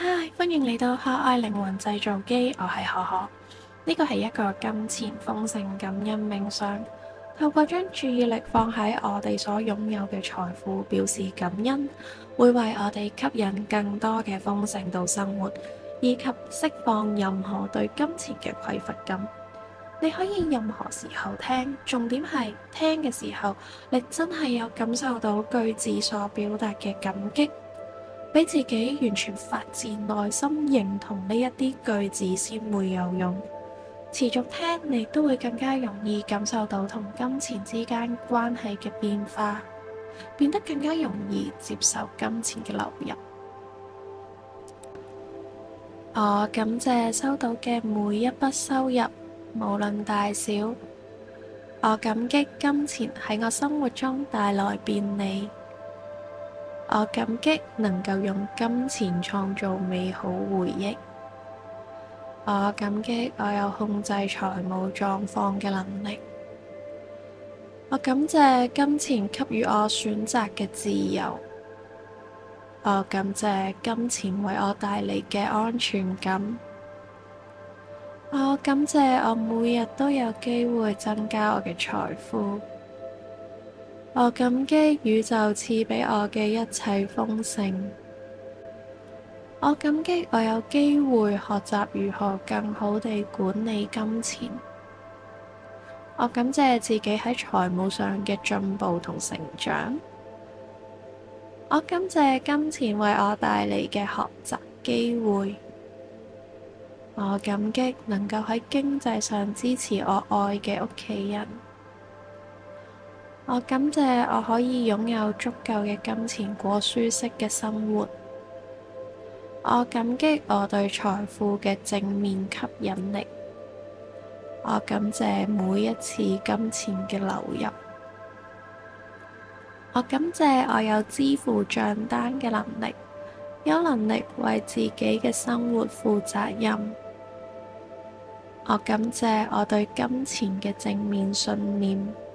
唉，Hi, 歡迎嚟到可愛靈魂製造機，我係可可。呢個係一個金錢豐盛感恩冥想，透過將注意力放喺我哋所擁有嘅財富，表示感恩，會為我哋吸引更多嘅豐盛到生活，以及釋放任何對金錢嘅匱乏感。你可以任何時候聽，重點係聽嘅時候，你真係有感受到句子所表達嘅感激。俾自己完全發自內心認同呢一啲句子先會有用，持續聽你都會更加容易感受到同金錢之間關係嘅變化，變得更加容易接受金錢嘅流入。 我感謝收到嘅每一筆收入，無論大小，我感激金錢喺我生活中帶來便利。我感激能夠用金錢創造美好回憶。我感激我有控制財務狀況嘅能力。我感謝金錢給予我選擇嘅自由。我感謝金錢為我帶嚟嘅安全感。我感謝我每日都有機會增加我嘅財富。我感激宇宙賜畀我嘅一切豐盛。我感激我有機會學習如何更好地管理金錢。我感謝自己喺財務上嘅進步同成長。我感謝金錢為我帶嚟嘅學習機會。我感激能夠喺經濟上支持我愛嘅屋企人。我感謝我可以擁有足夠嘅金錢，過舒適嘅生活。我感激我對財富嘅正面吸引力。我感謝每一次金錢嘅流入。我感謝我有支付賬單嘅能力，有能力為自己嘅生活負責任。我感謝我對金錢嘅正面信念。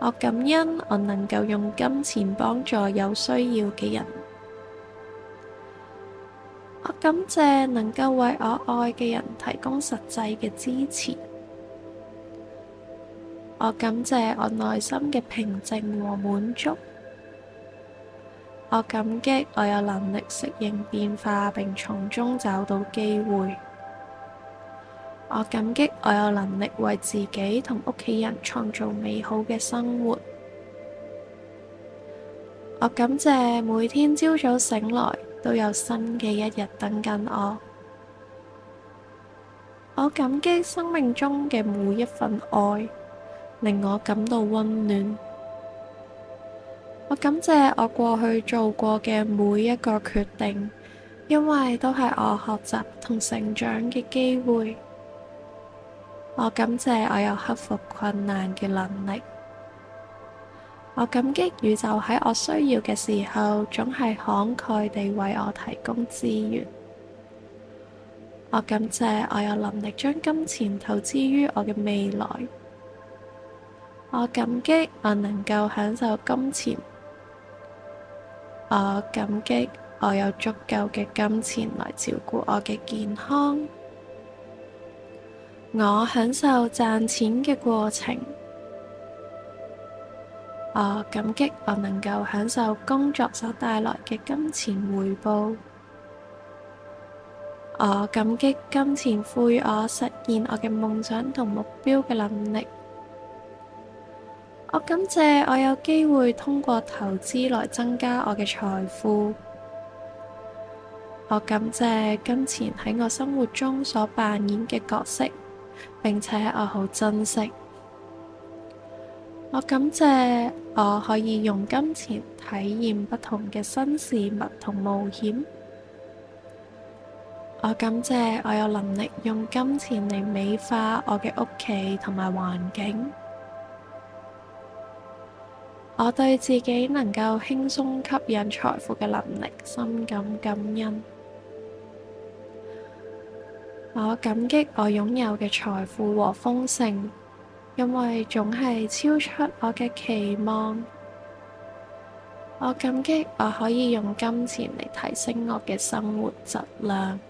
我感恩我能夠用金錢幫助有需要嘅人，我感謝能夠為我愛嘅人提供實際嘅支持，我感謝我內心嘅平靜和滿足，我感激我有能力適應變化，並從中找到機會。我感激我有能力為自己同屋企人創造美好嘅生活。我感謝每天朝早醒來都有新嘅一日等緊我。我感激生命中嘅每一份愛，令我感到溫暖。我感謝我過去做過嘅每一個決定，因為都係我學習同成長嘅機會。我感謝我有克服困難嘅能力。我感激宇宙喺我需要嘅時候，總係慷慨地為我提供資源。我感謝我有能力將金錢投資於我嘅未來。我感激我能夠享受金錢。我感激我有足夠嘅金錢來照顧我嘅健康。我享受賺錢嘅過程，我感激我能夠享受工作所帶來嘅金錢回報。我感激金錢賦予我實現我嘅夢想同目標嘅能力。我感謝我有機會通過投資來增加我嘅財富。我感謝金錢喺我生活中所扮演嘅角色。並且我好珍惜。我感謝我可以用金錢體驗不同嘅新事物同冒險。我感謝我有能力用金錢嚟美化我嘅屋企同埋環境。我對自己能夠輕鬆吸引財富嘅能力深感感恩。我感激我擁有嘅財富和豐盛，因為總係超出我嘅期望。我感激我可以用金錢嚟提升我嘅生活質量。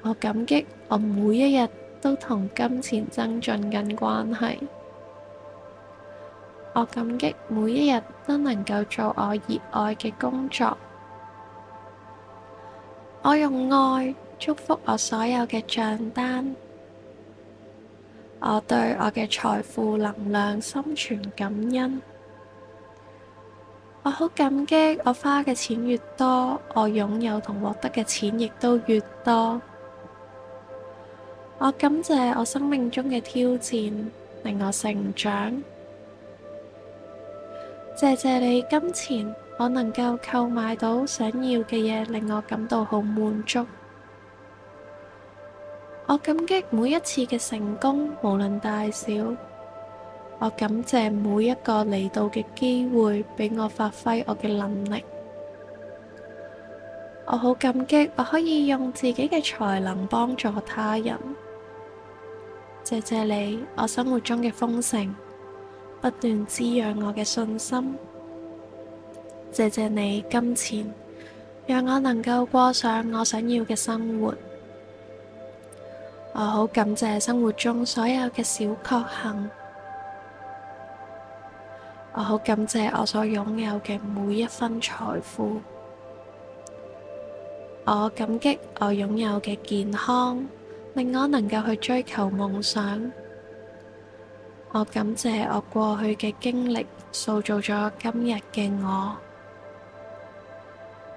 我感激我每一日都同金錢增進緊關係。我感激每一日都能夠做我熱愛嘅工作。我用愛。祝福我所有嘅賬單。我對我嘅財富能量心存感恩。我好感激，我花嘅錢越多，我擁有同獲得嘅錢亦都越多。我感謝我生命中嘅挑戰，令我成長。謝謝你金錢，我能夠購買到想要嘅嘢，令我感到好滿足。我感激每一次嘅成功，無論大小。我感謝每一個嚟到嘅機會，畀我發揮我嘅能力。我好感激，我可以用自己嘅才能幫助他人。謝謝你，我生活中嘅豐盛，不斷滋養我嘅信心。謝謝你，金錢，讓我能夠過上我想要嘅生活。我好感謝生活中所有嘅小確幸，我好感謝我所擁有嘅每一分財富，我感激我擁有嘅健康，令我能夠去追求夢想。我感謝我過去嘅經歷，塑造咗今日嘅我。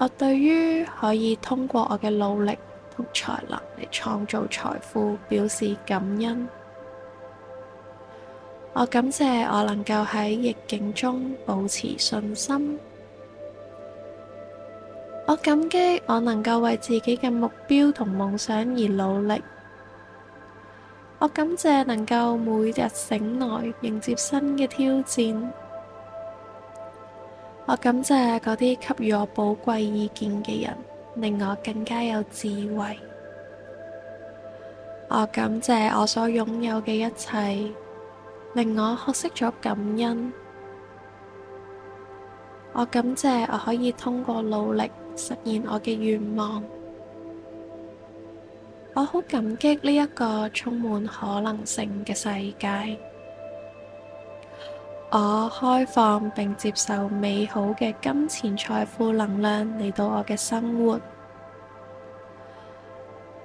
我對於可以通過我嘅努力同才能嚟創造財富表示感恩。我感謝我能夠喺逆境中保持信心。我感激我能夠為自己嘅目標同夢想而努力。我感謝能夠每日醒來迎接新嘅挑戰。我感謝嗰啲給予我寶貴意見嘅人，令我更加有智慧。我感謝我所擁有嘅一切，令我學識咗感恩。我感謝我可以通過努力實現我嘅願望。我好感激呢一個充滿可能性嘅世界。我開放並接受美好嘅金錢財富能量嚟到我嘅生活。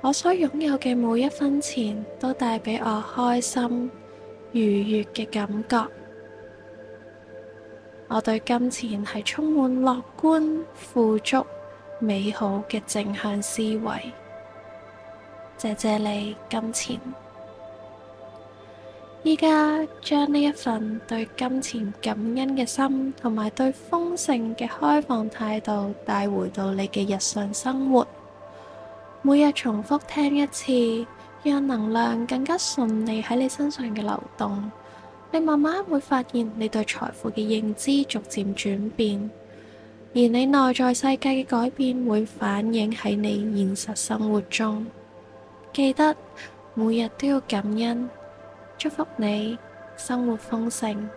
我所擁有嘅每一分錢都帶畀我開心、愉悅嘅感覺。我對金錢係充滿樂觀、富足、美好嘅正向思維。謝謝你，金錢。依家將呢一份對金錢感恩嘅心，同埋對豐盛嘅開放態度帶回到你嘅日常生活，每日重複聽一次，讓能量更加順利喺你身上嘅流動。你慢慢會發現，你對財富嘅認知逐漸轉變，而你內在世界嘅改變會反映喺你現實生活中。記得每日都要感恩。祝福你生活豐盛。